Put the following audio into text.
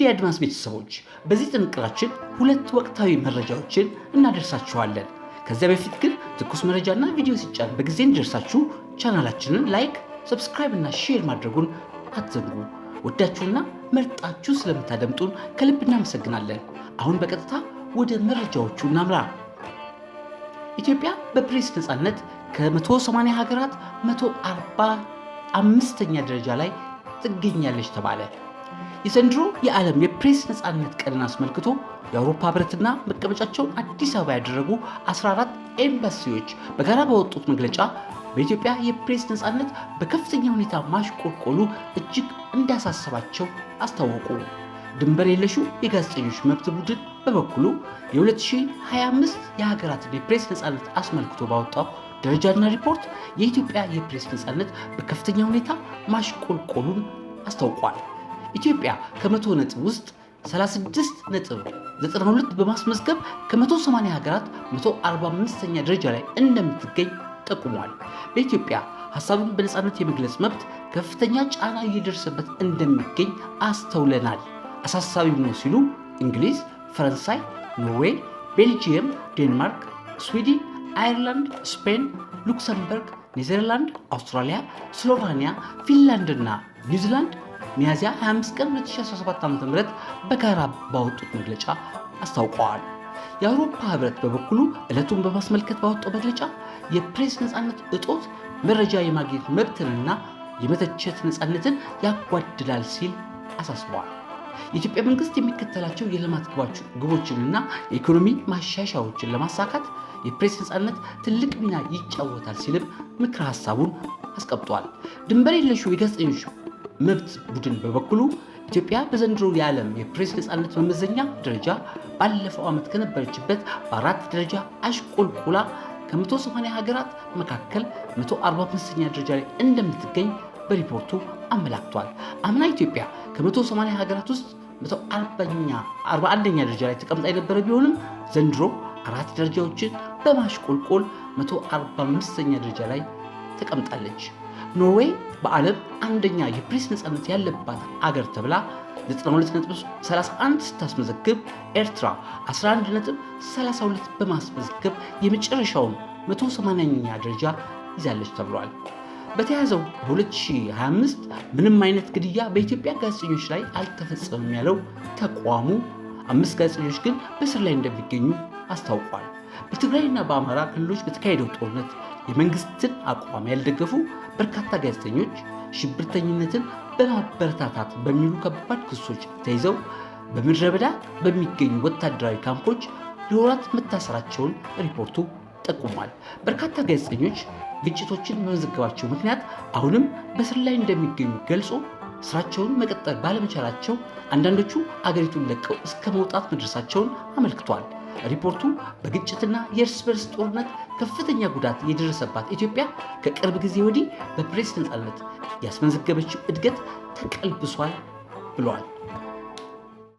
ውድ የአድማስ ቤተሰቦች በዚህ ጥንቅራችን ሁለት ወቅታዊ መረጃዎችን እናደርሳችኋለን። ከዚያ በፊት ግን ትኩስ መረጃና ቪዲዮ ሲጫን በጊዜ እንዲደርሳችሁ ቻናላችንን ላይክ፣ ሰብስክራይብ እና ሼር ማድረጉን አትዘንጉ። ወዳችሁና መርጣችሁ ስለምታደምጡን ከልብ እናመሰግናለን። አሁን በቀጥታ ወደ መረጃዎቹ እናምራ። ኢትዮጵያ በፕሬስ ነፃነት ከ180 ሀገራት 145ኛ ደረጃ ላይ ትገኛለች ተባለ። የዘንድሮ የዓለም የፕሬስ ነፃነት ቀንን አስመልክቶ የአውሮፓ ህብረትና መቀመጫቸውን አዲስ አበባ ያደረጉ 14 ኤምባሲዎች በጋራ በወጡት መግለጫ በኢትዮጵያ የፕሬስ ነፃነት በከፍተኛ ሁኔታ ማሽቆልቆሉ እጅግ እንዳሳሰባቸው አስታወቁ። ድንበር የለሹ የጋዜጠኞች መብት ቡድን በበኩሉ የ2025 የሀገራትን የፕሬስ ነፃነት አስመልክቶ ባወጣው ደረጃና ሪፖርት የኢትዮጵያ የፕሬስ ነፃነት በከፍተኛ ሁኔታ ማሽቆልቆሉን አስታውቋል። ኢትዮጵያ ከመቶ ነጥብ ውስጥ 36 ነጥብ 92 በማስመዝገብ ከ180 ሀገራት 145ኛ ደረጃ ላይ እንደምትገኝ ጠቁሟል። በኢትዮጵያ ሀሳብን በነፃነት የመግለጽ መብት ከፍተኛ ጫና እየደረሰበት እንደሚገኝ አስተውለናል፣ አሳሳቢም ነው ሲሉ እንግሊዝ፣ ፈረንሳይ፣ ኖርዌይ፣ ቤልጂየም፣ ዴንማርክ፣ ስዊድን፣ አይርላንድ፣ ስፔን፣ ሉክሰምበርግ፣ ኔዘርላንድ፣ አውስትራሊያ፣ ስሎቫኒያ፣ ፊንላንድ እና ኒውዚላንድ ሚያዝያ 25 ቀን 2017 ዓ.ም በጋራ ባወጡት መግለጫ አስታውቀዋል። የአውሮፓ ህብረት በበኩሉ ዕለቱን በማስመልከት ባወጣው መግለጫ የፕሬስ ነፃነት እጦት መረጃ የማግኘት መብትንና የመተቸት ነፃነትን ያጓድላል ሲል አሳስበዋል። የኢትዮጵያ መንግስት የሚከተላቸው የልማት ግቦችንና የኢኮኖሚ ማሻሻያዎችን ለማሳካት የፕሬስ ነፃነት ትልቅ ሚና ይጫወታል ሲልም ምክረ ሀሳቡን አስቀምጧል። ድንበር የለሹ የጋዜጠኞች መብት ቡድን በበኩሉ ኢትዮጵያ በዘንድሮ የዓለም የፕሬስ ነፃነት መመዘኛ ደረጃ ባለፈው ዓመት ከነበረችበት በአራት ደረጃ አሽቆልቁላ ከ180 ሀገራት መካከል 145ኛ ደረጃ ላይ እንደምትገኝ በሪፖርቱ አመላክቷል። አምና ኢትዮጵያ ከ180 ሀገራት ውስጥ 141ኛ ደረጃ ላይ ተቀምጣ የነበረ ቢሆንም ዘንድሮ አራት ደረጃዎችን በማሽቆልቆል 145ኛ ደረጃ ላይ ተቀምጣለች። ኖርዌይ በዓለም አንደኛ የፕሬስ ነፃነት ያለባት አገር ተብላ 92.31 ስታስመዘግብ ኤርትራ 11.32 በማስመዘግብ የመጨረሻውን 180ኛ ደረጃ ይዛለች ተብሏል። በተያዘው 2025 ምንም አይነት ግድያ በኢትዮጵያ ጋዜጠኞች ላይ አልተፈጸመም ያለው ተቋሙ አምስት ጋዜጠኞች ግን በስር ላይ እንደሚገኙ አስታውቋል። በትግራይና በአማራ ክልሎች በተካሄደው ጦርነት የመንግስትን አቋም ያልደገፉ በርካታ ጋዜጠኞች ሽብርተኝነትን በማበረታታት በሚሉ ከባድ ክሶች ተይዘው በምድረ በዳ በሚገኙ ወታደራዊ ካምፖች ለወራት መታሰራቸውን ሪፖርቱ ጠቁሟል። በርካታ ጋዜጠኞች ግጭቶችን በመዘገባቸው ምክንያት አሁንም በስር ላይ እንደሚገኙ ገልጾ ስራቸውን መቀጠል ባለመቻላቸው አንዳንዶቹ አገሪቱን ለቀው እስከ መውጣት መድረሳቸውን አመልክቷል። ሪፖርቱ በግጭትና የእርስ በርስ ጦርነት ከፍተኛ ጉዳት የደረሰባት ኢትዮጵያ ከቅርብ ጊዜ ወዲህ በፕሬስ ነፃነት ያስመዘገበችው እድገት ተቀልብሷል ብለዋል።